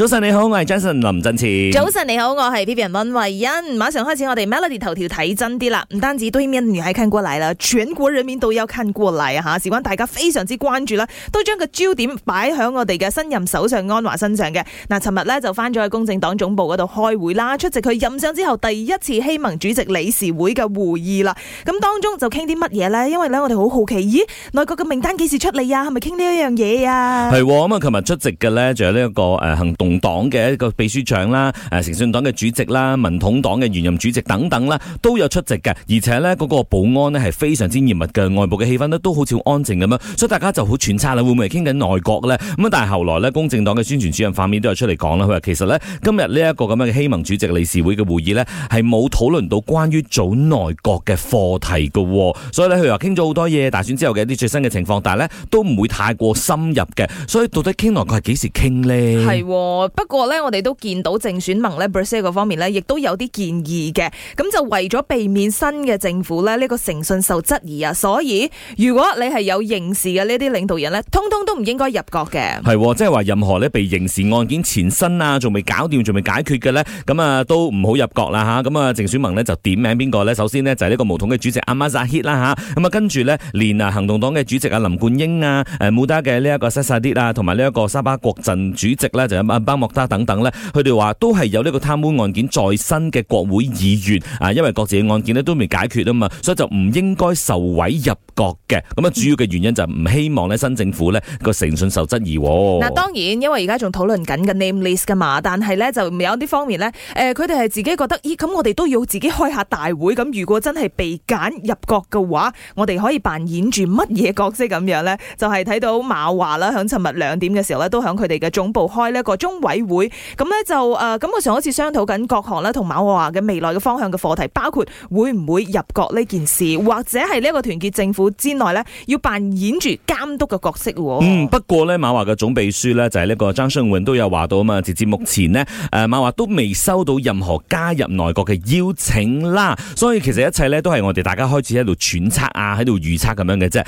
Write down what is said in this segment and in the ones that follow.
早晨你好，我係 Jason 林振前。早晨你好，我係 Vivian 溫慧欣。馬上開始我哋 Melody 頭條睇真啲啦，唔單止對面女係坤過嚟啦，全國裏面都有坤過嚟啊吓！事關大家非常之關注啦，都將個焦點擺喺我哋嘅新任首相安華身上嘅。嗱，尋日呢就翻咗去公正黨總部嗰度開會啦，出席佢任相之後第一次希盟主席理事會嘅會議啦。咁當中就傾啲乜嘢呢？因為呢，我哋好好奇，咦，內閣嘅名單幾時出嚟啊？係咪傾呢一樣嘢啊？係咁啊！尋日出席嘅呢、這個，就係呢一個誒行動。黨嘅一個秘書長啦，誒，誠信黨嘅主席啦，民統黨嘅原任主席等等啦，都有出席嘅，而且呢，嗰個保安呢係非常之嚴密嘅，外部嘅氣氛呢都好似好安靜咁樣，所以大家就好揣測啦，會唔會係傾緊內閣咧？咁但係後來呢，公正黨嘅宣傳主任反面都有出嚟講啦，佢話其實呢，今日呢一個咁樣嘅希盟主席理事會嘅會議呢，係冇討論到關於組內閣嘅課題嘅，所以呢，佢話傾咗好多嘢，大選之後嘅一啲最新嘅情況，但係呢，都唔會太過深入嘅，所以到底傾內閣係幾時傾咧？係。不過咧，我哋都見到政選盟咧 Bersih 嗰方面呢，亦都有啲建議嘅。咁就為咗避免新嘅政府呢，呢、這個誠信受質疑啊，所以如果你係有刑事嘅呢啲領導人呢，通通都唔應該入閣嘅。係，即係話任何呢被刑事案件前身啊，仲未搞掂，仲未解決嘅呢，咁啊都唔好入閣啦吓。咁啊，政、啊、選盟呢就點名邊個呢？首先呢，就係、是、呢個毛統嘅主席阿 Ahmad Zahid 啦吓，咁啊跟住呢連啊行動黨嘅主席啊林冠英啊，誒 Muda 嘅呢一個 Saddiq 啊，同埋呢一個沙巴國陣主席呢，就有巴莫德等等咧，佢哋話都係有呢個貪污案件在身嘅國會議員啊，因為各自嘅案件呢都未解決啊嘛，所以就唔應該受委入閣嘅。咁啊，主要嘅原因就唔希望呢新政府呢個誠信受質疑、哦。嗱，當然因為而家仲討論緊嘅 name list 噶嘛，但係呢就有啲方面呢。誒佢哋係自己覺得，咦咁我哋都要自己開下大會，咁如果真係被揀入閣嘅話，我哋可以扮演住乜嘢角色咁樣呢？就係、是、睇到馬華啦，響尋日兩點嘅時候咧，都響佢哋嘅總部開呢個中。工委會咁咧就誒咁我上一次商討緊各項咧同馬華嘅未來嘅方向嘅課題，包括會唔會入國呢件事，或者係呢個團結政府之內咧要扮演住監督嘅角色。嗯，不過咧馬華嘅總秘書咧就係、是、呢個張新煥都有話到啊嘛，直至目前呢，誒馬華都未收到任何加入內閣嘅邀請啦，所以其實一切咧都係我哋大家開始喺度揣測啊，喺度預測咁樣嘅啫。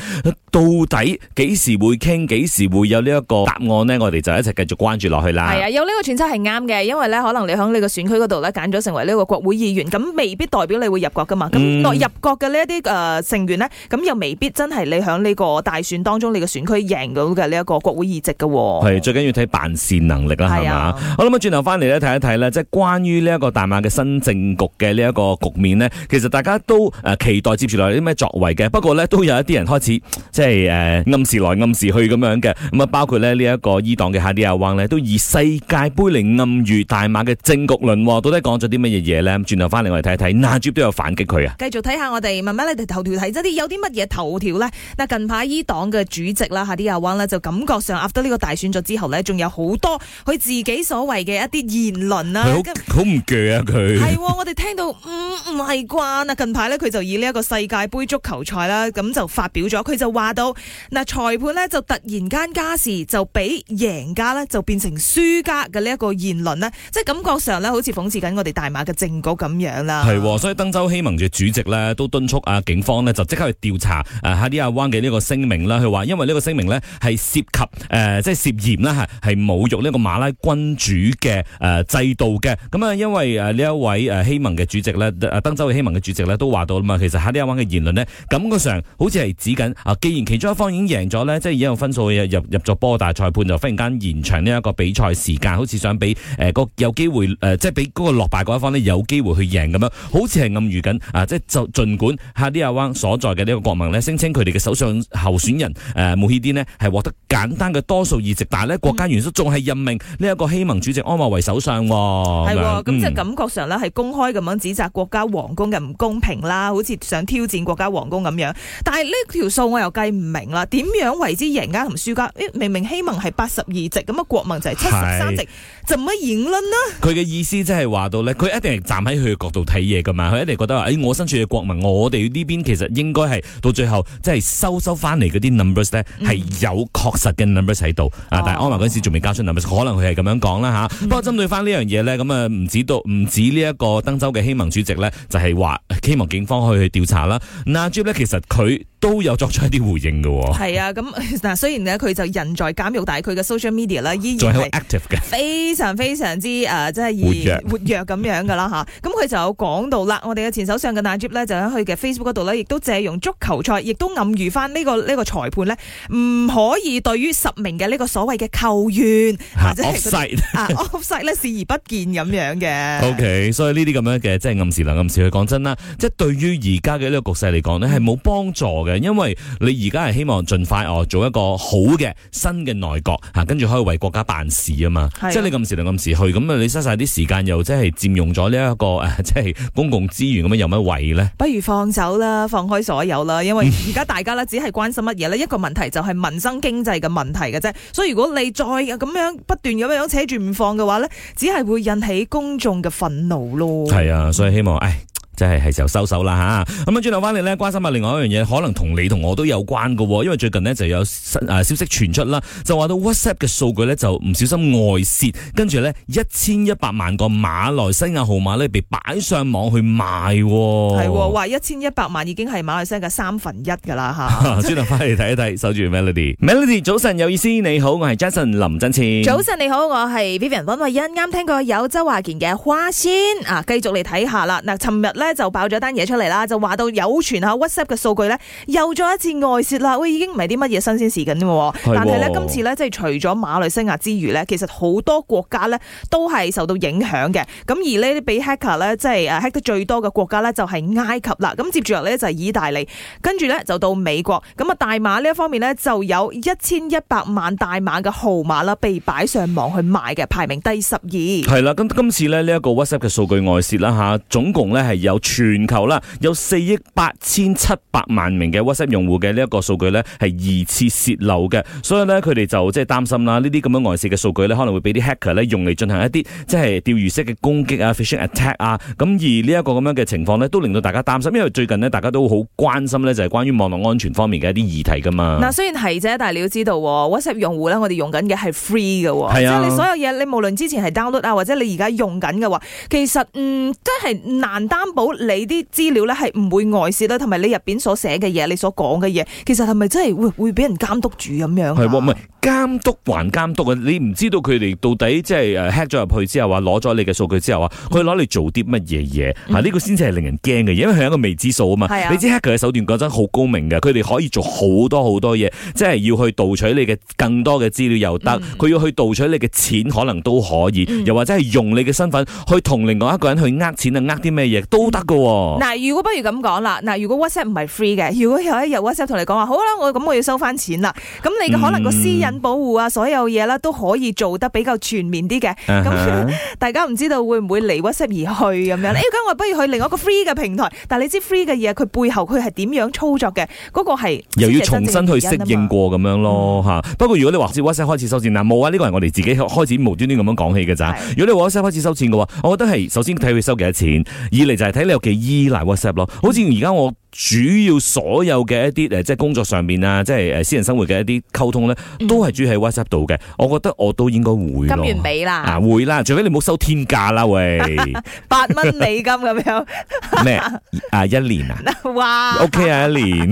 到底幾時會傾，幾時會有呢一個答案呢？我哋就一齊繼續關注落去啦。係啊，有呢個揣測係啱嘅，因為咧可能你喺呢個選區嗰度咧揀咗成為呢個國會議員，咁未必代表你會入國噶嘛。咁、嗯、入國嘅呢一啲成員呢，咁又未必真係你喺呢個大選當中你嘅選區贏到嘅呢一個國會議席嘅、哦。喎。最緊要睇辦事能力啦，係嘛、啊？好啦，咁轉頭翻嚟咧睇一睇呢，即係關於呢一個大馬嘅新政局嘅呢一個局面呢，其實大家都、呃、期待接住落嚟啲咩作為嘅。不過呢，都有一啲人開始即係、呃、暗示來暗示去咁樣嘅。咁啊包括呢呢一、這個伊黨嘅哈迪亞灣呢，都以，世界杯嚟暗喻大馬嘅政局論，到底講咗啲乜嘢嘢咧？轉頭翻嚟我哋睇一睇，那朱都有反擊佢啊！繼續睇下我哋，慢慢咧，頭條睇，咗啲有啲乜嘢頭條咧？嗱，近排伊黨嘅主席啦，哈迪亞灣呢就感覺上壓得呢個大選咗之後呢，仲有好多佢自己所謂嘅一啲言論啦，好唔鋸啊佢係、哦，我哋聽到唔唔係啩？嗱、嗯，近排呢，佢就以呢一個世界杯足球賽啦，咁就發表咗，佢就話到嗱，裁判呢，就突然間加時就俾贏家呢，就變成輸。專家嘅呢一個言論呢，即係感覺上呢，好似諷刺緊我哋大馬嘅政局咁樣啦。係、哦，所以登州希盟嘅主席呢，都敦促啊警方呢、呃，就即刻去調查誒哈迪亞灣嘅呢個聲明啦。佢話因為呢個聲明呢，係涉及誒即係涉嫌呢，係侮辱呢個馬拉君主嘅誒、呃、制度嘅。咁啊因為誒呢一位誒希盟嘅主席呢，登州嘅希盟嘅主席呢，都話到啦嘛，其實哈迪亞灣嘅言論呢，感覺上好似係指緊啊，既然其中一方已經贏咗呢，即係已經有分數入入咗波大，大裁判就忽然間延長呢一個比賽。時間好似想俾誒個有機會誒、呃，即係俾個落敗嗰一方呢有機會去贏咁樣，好似係暗喻緊啊！即係就儘管哈尼亞灣所在嘅呢個國民呢聲稱佢哋嘅首相候選人誒穆希啲呢係獲得簡單嘅多數議席，但係咧國家元首仲係任命呢一個希盟主席安華為首相喎。喎，咁、嗯嗯、即係感覺上呢係公開咁樣指責國家皇宮嘅唔公平啦，好似想挑戰國家皇宮咁樣，但係呢條數我又計唔明啦，點樣為之贏家同輸家？明明希盟係八十二席，咁啊國民就係七十三席，哎、怎麼言論呢？佢嘅意思即係話到咧，佢一定係站喺佢嘅角度睇嘢噶嘛，佢一定覺得誒，我身處嘅國民，我哋呢邊其實應該係到最後，即係收收翻嚟嗰啲 numbers 咧，係、嗯、有確實嘅 numbers 喺度啊！哦、但係安娜嗰時仲未交出 numbers，可能佢係咁樣講啦吓。不過針對翻呢樣嘢咧，咁啊唔止到唔止呢一個登州嘅希望主席咧，就係話希望警方可以去調查啦。納 b 咧，其實佢。都有作出一啲回應嘅，係啊，咁嗱，雖然咧佢就人在監獄，但係佢嘅 social media 咧依然係 active 嘅，非常非常之誒，即係活活躍咁樣噶啦吓。咁佢就有講到啦，我哋嘅前首相嘅 Najib 咧就喺佢嘅 Facebook 嗰度咧，亦都借用足球賽，亦都暗喻翻呢個呢個裁判咧唔可以對於十名嘅呢個所謂嘅球員吓，即係啊，offside 咧視而不見咁樣嘅。OK，所以呢啲咁樣嘅即係暗示啦，暗示佢講真啦，即係對於而家嘅呢個局勢嚟講咧係冇幫助嘅。因為你而家係希望盡快哦，做一個好嘅新嘅內閣吓，跟住可以為國家辦事啊嘛。是啊，即係你咁時嚟，咁時去，咁、這個、啊，你嘥晒啲時間，又即係佔用咗呢一個誒，即係公共資源咁樣，有乜位咧？不如放手啦，放開所有啦。因為而家大家咧，只係關心乜嘢呢？ 一個問題就係民生經濟嘅問題嘅啫。所以如果你再咁樣不斷咁樣扯住唔放嘅話咧，只係會引起公眾嘅憤怒咯。係啊，所以希望誒。即係係時候收手啦吓、啊，咁啊轉頭翻嚟呢，關心下另外一樣嘢，可能同你同我都有關噶，因為最近呢，就有消息傳出啦，就話到 WhatsApp 嘅數據呢，就唔小心外泄，跟住呢，一千一百萬個馬來西亞號碼呢，被擺上網去賣。啊，係話一千一百萬已經係馬來西亞嘅三分 一噶啦轉頭翻嚟睇一睇，守住 Melody，Melody Mel 早晨有意思，你好，我係 Jason 林振超。早晨你好，我係 Vivian 溫慧欣，啱聽過有周華健嘅花仙啊，繼續嚟睇下啦。嗱、啊，尋日。咧就爆咗單嘢出嚟啦，就話到有傳下 WhatsApp 嘅數據咧又再一次外泄啦，喂、哎，已經唔係啲乜嘢新鮮事緊喎。對哦、但係咧今次咧即係除咗馬來西亞之餘咧，其實好多國家咧都係受到影響嘅。咁而呢啲 hacker 咧即係誒、啊、hack 得最多嘅國家咧就係、是、埃及啦。咁接住落咧就係、是、意大利，跟住咧就到美國。咁啊大馬呢一方面咧就有一千一百萬大馬嘅號碼啦被擺上網去賣嘅，排名第十二。係啦，咁今次咧呢一、這個 WhatsApp 嘅數據外泄啦吓，總共咧係有。有全球啦，有四億八千七百萬名嘅 WhatsApp 用戶嘅呢一個數據咧係二次洩漏嘅，所以咧佢哋就即係擔心啦。呢啲咁樣外泄嘅數據咧，可能會俾啲 hacker 咧用嚟進行一啲即係釣魚式嘅攻擊啊、phishing attack 啊。咁而呢一個咁樣嘅情況咧，都令到大家擔心，因為最近咧大家都好關心咧就係關於網絡安全方面嘅一啲議題噶嘛。嗱，雖然係啫，但係你要知道 WhatsApp 用戶咧，我哋用緊嘅係 free 嘅，即係你所有嘢，你無論之前係 download 啊，或者你而家用緊嘅話，其實嗯真係難擔保。好，你啲資料咧係唔會外洩啦，同埋你入邊所寫嘅嘢，你所講嘅嘢，其實係咪真係會會俾人監督住咁樣？係唔係？ 監督還監督，你唔知道佢哋到底即係 hack 咗入去之後啊，攞咗你嘅數據之後、嗯、啊，佢攞嚟做啲乜嘢嘢。呢個先至係令人驚嘅，因為佢係一個未知數啊嘛。嗯、你知 hack 嘅手段講真好高明嘅，佢哋可以做好多好多嘢，即係要去盜取你嘅更多嘅資料又得，佢、嗯、要去盜取你嘅錢可能都可以，又或者係用你嘅身份去同另外一個人去呃錢呃啲咩嘢都得喎、啊。嗱，如果不如咁講啦，嗱，如果 WhatsApp 唔係 free 嘅，如果有一日 WhatsApp 同你講話，好啦，我咁我要收翻錢啦，咁你嘅可能個私隱保護啊，所有嘢啦，都可以做得比較全面啲嘅。咁、uh huh. 大家唔知道會唔會離 WhatsApp 而去咁、uh huh. 樣？誒，咁我不如去另外一個 free 嘅平台。但係你知 free 嘅嘢，佢背後佢係點樣操作嘅？嗰、那個係又要重新去適應過咁樣咯，吓、嗯。不過如果你話知 WhatsApp 開始收錢，嗱冇啊，呢、啊這個係我哋自己開始無端端咁樣講起嘅咋。的如果你 WhatsApp 開始收錢嘅話，我覺得係首先睇佢收幾多錢，二嚟就係睇你有幾依賴 WhatsApp 咯。好似而家我。主要所有嘅一啲誒，即係工作上面啊，即係誒私人生活嘅一啲溝通咧，嗯、都係主要喺 WhatsApp 度嘅。我覺得我都應該會。咁完俾啦，啊會啦，除非你冇收天價啦喂， 八蚊美金咁樣咩啊一年啊？哇，OK 啊一年。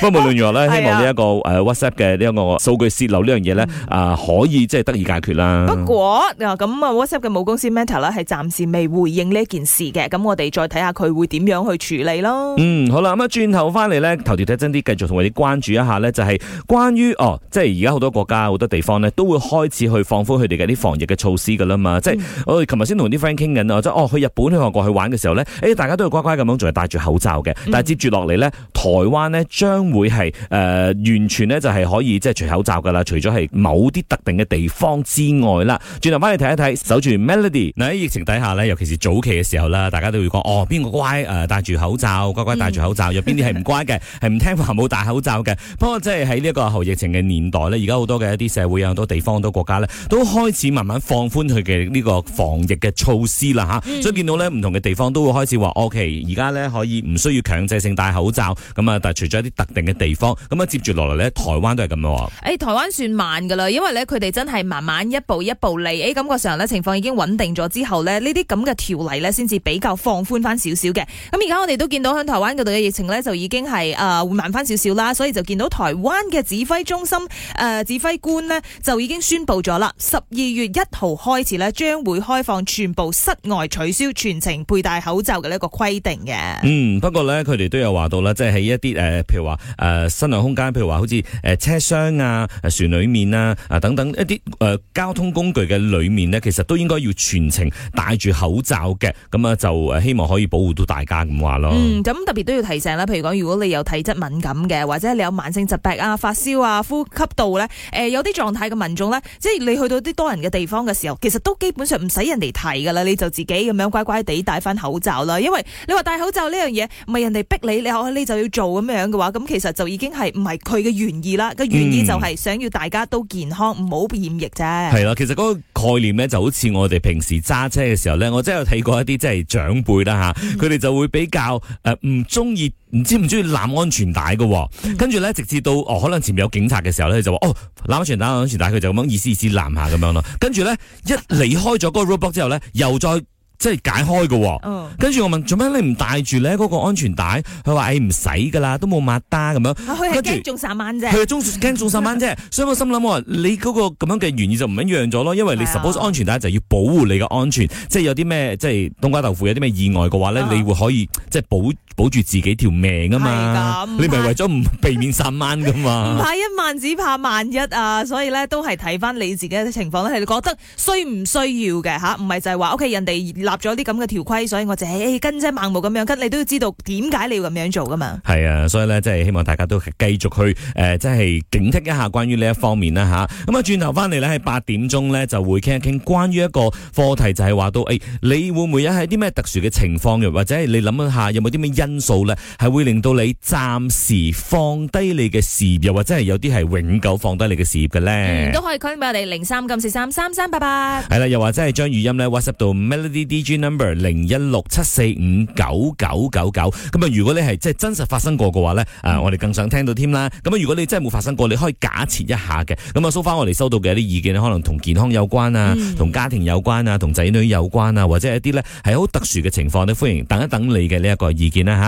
不過無論如何咧，希望呢一個誒 WhatsApp 嘅呢一個數據洩露呢樣嘢咧，嗯、啊可以即係得以解決啦。不過啊咁啊 WhatsApp 嘅母公司 Meta 咧係暫時未回應呢件事嘅，咁我哋再睇下佢會點樣去處嚟咯，嗯，好啦，咁啊，轉頭翻嚟咧，頭條睇真啲，繼續同我哋關注一下咧，就係、是、關於哦，即係而家好多國家、好多地方咧，都會開始去放寬佢哋嘅啲防疫嘅措施噶啦嘛，嗯、即係我哋琴日先同啲 friend 傾緊啊，即、哦、係哦，去日本、去外國去玩嘅時候咧，誒、哎，大家都係乖乖咁樣，仲係戴住口罩嘅，但係接住落嚟咧，嗯、台灣咧將會係誒、呃、完全咧就係可以即係除口罩噶啦，除咗係某啲特定嘅地方之外啦。轉頭翻嚟睇一睇，守住 Melody 嗱，喺、嗯、疫情底下咧，尤其是早期嘅時候啦，大家都會講哦，邊個乖誒、呃，戴住口罩。口罩乖乖戴住口罩，有邊啲係唔乖嘅，係唔聽話冇戴口罩嘅。不過即係喺呢個後疫情嘅年代咧，而家好多嘅一啲社會有好多地方、好多國家咧，都開始慢慢放寬佢嘅呢個防疫嘅措施啦，吓、嗯。所以見到咧，唔同嘅地方都會開始話，OK，而家咧可以唔需要強制性戴口罩。咁啊，但係除咗一啲特定嘅地方，咁啊接住落嚟咧，台灣都係咁啊。誒，台灣算慢噶啦，因為咧佢哋真係慢慢一步一步嚟。誒，感覺上咧情況已經穩定咗之後咧，呢啲咁嘅條例咧先至比較放寬翻少少嘅。咁而家我哋。都見到響台灣嗰度嘅疫情咧，就已經係誒緩慢翻少少啦，所以就見到台灣嘅指揮中心誒、呃、指揮官咧，就已經宣佈咗啦。十二月一號開始咧，將會開放全部室外取消全程佩戴口罩嘅呢個規定嘅。嗯，不過咧，佢哋都有話到啦，即係喺一啲誒、呃、譬如話誒室內空間譬如話好似誒車廂啊、船裏面啊、啊等等一啲誒、呃、交通工具嘅裏面咧，其實都應該要全程戴住口罩嘅。咁啊，就希望可以保護到大家咁話咯。嗯，咁特別都要提醒啦。譬如講，如果你有體質敏感嘅，或者你有慢性疾病啊、發燒啊、呼吸道咧，誒、呃、有啲狀態嘅民眾咧，即係你去到啲多人嘅地方嘅時候，其實都基本上唔使人哋提㗎啦，你就自己咁樣乖乖地戴翻口罩啦。因為你話戴口罩呢樣嘢，咪人哋逼你，你我你就要做咁樣嘅話，咁其實就已經係唔係佢嘅願意啦。個願意就係想要大家都健康，唔好、嗯、染疫啫。係啦，其實嗰個概念咧，就好似我哋平時揸車嘅時候咧，我真係有睇過一啲即係長輩啦嚇，佢哋就會比較。誒，唔中意，唔知唔中意攬安全帶嘅啊，跟住咧，直至到哦，可能前面有警察嘅時候咧，就話哦，攬安全帶，攬安全帶，佢就咁樣意思意思，攬下咁樣咯，跟住咧，一離開咗嗰個 robot 之後咧，又再。即係解開嘅，跟住我問做咩你唔戴住咧？嗰個安全帶，佢話誒唔使噶啦，都冇抹得咁樣。佢係驚中三萬啫，佢係中驚中三萬啫。 所以我心諗話，你嗰個咁樣嘅原意就唔一樣咗咯。因為你 suppose 安全帶就要保護你嘅安全，即係有啲咩即係冬瓜豆腐有啲咩意外嘅話咧，啊、你會可以即係保保住自己條命啊嘛。你咪為咗唔避免三萬噶嘛？唔怕一萬，只怕萬一啊！所以咧都係睇翻你自己嘅情況，係你覺得需唔需要嘅吓？唔、啊、係就係話 OK 人哋立咗啲咁嘅條規，所以我就誒跟啫盲目咁樣跟，你都要知道點解你要咁樣做噶嘛。係啊，所以咧，即係希望大家都繼續去誒，即係警惕一下關於呢一方面啦吓。咁啊，轉頭翻嚟咧，係八點鐘咧，就會傾一傾關於一個課題，就係話到誒，你會唔會有係啲咩特殊嘅情況嘅，又或者係你諗一下有冇啲咩因素咧，係會令到你暫時放低你嘅事業，又或者係有啲係永久放低你嘅事業嘅咧？都可以 call 我哋零三九四三三三八八。係啦，又或者係將語音咧 whatsapp 到 melody D。G number 零一六七四五九九九九，咁啊，如果你係即係真實發生過嘅話呢，啊，我哋更想聽到添啦。咁啊，如果你真係冇發生過，你可以假設一下嘅。咁啊，收翻我哋收到嘅一啲意見咧，可能同健康有關啊，同家庭有關啊，同仔女有關啊，或者係一啲呢係好特殊嘅情況呢，歡迎等一等你嘅呢一個意見啦吓。